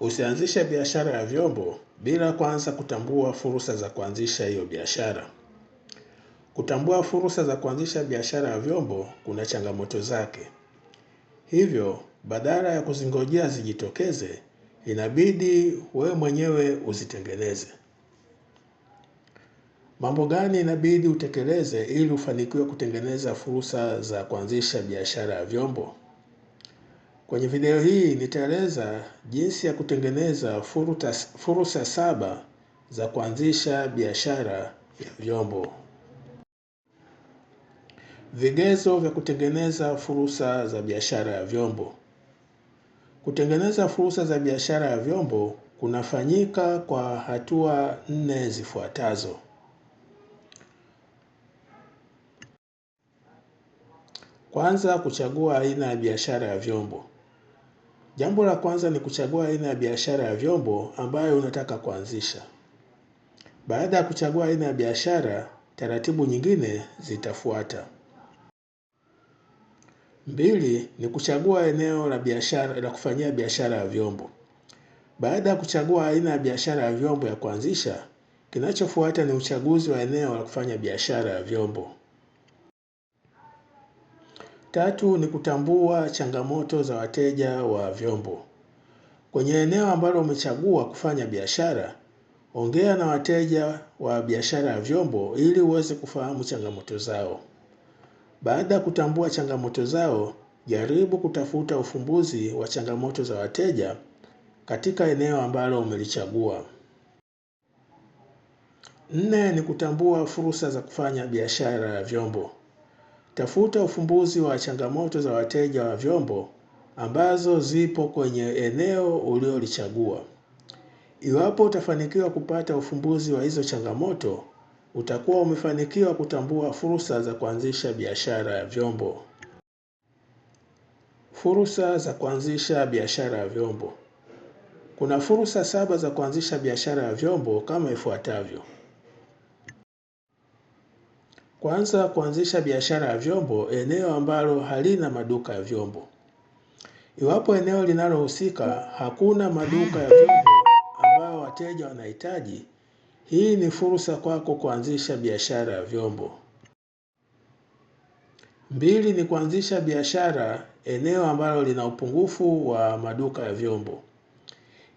Usianzishe biashara ya vyombo bila kwanza kutambua fursa za kuanzisha hiyo biashara. Kutambua fursa za kuanzisha biashara ya vyombo kuna changamoto zake. Hivyo, badala ya kuzingojea zijitokeze, inabidi wewe mwenyewe uzitengeneze. Mambo gani inabidi utekeleze ili ufanikiwe kutengeneza fursa za kuanzisha biashara ya vyombo? Kwenye video hii nitaeleza jinsi ya kutengeneza fursa saba za kuanzisha biashara ya vyombo. Vigezo vya kutengeneza fursa za biashara ya vyombo. Kutengeneza fursa za biashara ya vyombo kunafanyika kwa hatua nne zifuatazo. Kwanza, kuchagua aina ya biashara ya vyombo. Jambo la kwanza ni kuchagua aina ya biashara ya vyombo ambayo unataka kuanzisha. Baada ya kuchagua aina ya biashara, taratibu nyingine zitafuata. Mbili ni kuchagua eneo la biashara la kufanyia biashara ya vyombo. Baada ya kuchagua aina ya biashara ya vyombo ya kuanzisha, kinachofuata ni uchaguzi wa eneo la kufanya biashara ya vyombo. Tatu ni kutambua changamoto za wateja wa vyombo. Kwenye eneo ambalo umechagua kufanya biashara, ongea na wateja wa biashara ya vyombo ili uweze kufahamu changamoto zao. Baada ya kutambua changamoto zao, jaribu kutafuta ufumbuzi wa changamoto za wateja katika eneo ambalo umelichagua. Nne ni kutambua fursa za kufanya biashara ya vyombo. Tafuta ufumbuzi wa changamoto za wateja wa vyombo ambazo zipo kwenye eneo uliolichagua. Iwapo utafanikiwa kupata ufumbuzi wa hizo changamoto, utakuwa umefanikiwa kutambua fursa za kuanzisha biashara ya vyombo. Fursa za kuanzisha biashara ya vyombo. Kuna fursa saba za kuanzisha biashara ya vyombo kama ifuatavyo. Kwanza, kuanzisha biashara ya vyombo eneo ambalo halina maduka ya vyombo. Iwapo eneo linalohusika hakuna maduka ya vyombo ambayo wateja wanahitaji, hii ni fursa kwako kuanzisha biashara ya vyombo. Mbili ni kuanzisha biashara eneo ambalo lina upungufu wa maduka ya vyombo.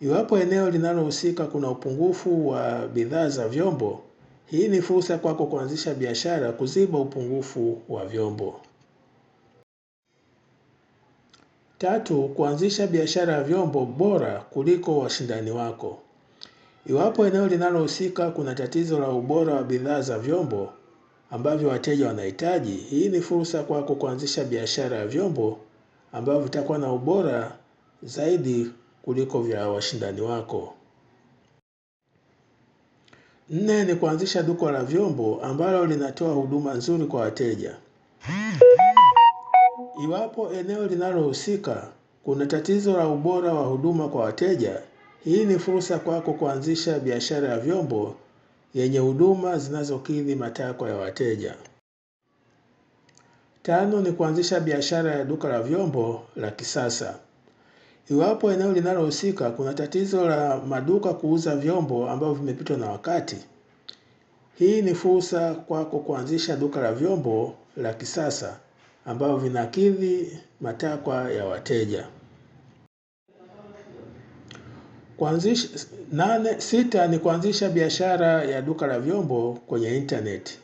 Iwapo eneo linalohusika kuna upungufu wa bidhaa za vyombo, hii ni fursa kwako kuanzisha biashara kuziba upungufu wa vyombo. Tatu, kuanzisha biashara ya vyombo bora kuliko washindani wako. Iwapo eneo linalohusika kuna tatizo la ubora wa bidhaa za vyombo ambavyo wateja wanahitaji, hii ni fursa kwako kuanzisha biashara ya vyombo ambavyo vitakuwa na ubora zaidi kuliko vya washindani wako. Nne ni kuanzisha duka la vyombo ambalo linatoa huduma nzuri kwa wateja. Iwapo eneo linalohusika kuna tatizo la ubora wa huduma kwa wateja, hii ni fursa kwako kuanzisha biashara ya vyombo yenye huduma zinazokidhi matakwa ya wateja. Tano ni kuanzisha biashara ya duka la vyombo la kisasa. Iwapo eneo linalohusika kuna tatizo la maduka kuuza vyombo ambavyo vimepitwa na wakati, hii ni fursa kwako kuanzisha duka la vyombo la kisasa ambavyo vinakidhi matakwa ya wateja. Kuanzisha, nane, sita ni kuanzisha biashara ya duka la vyombo kwenye intaneti.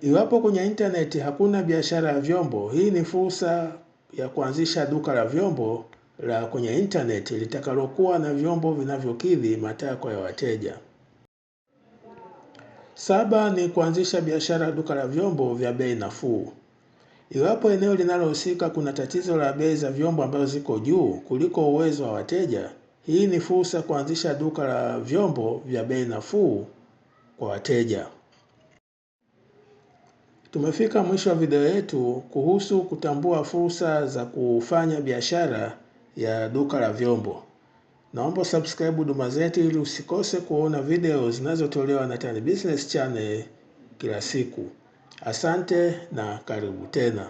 Iwapo kwenye intaneti hakuna biashara ya vyombo, hii ni fursa ya kuanzisha duka la vyombo la kwenye intaneti litakalokuwa na vyombo vinavyokidhi matakwa ya wateja. Saba ni kuanzisha biashara duka la vyombo vya bei nafuu. Iwapo eneo linalohusika kuna tatizo la bei za vyombo ambazo ziko juu kuliko uwezo wa wateja, hii ni fursa kuanzisha duka la vyombo vya bei nafuu kwa wateja. Tumefika mwisho wa video yetu kuhusu kutambua fursa za kufanya biashara ya duka la vyombo. Naomba subscribe huduma zetu ili usikose kuona video zinazotolewa na Tan Business Channel kila siku. Asante na karibu tena.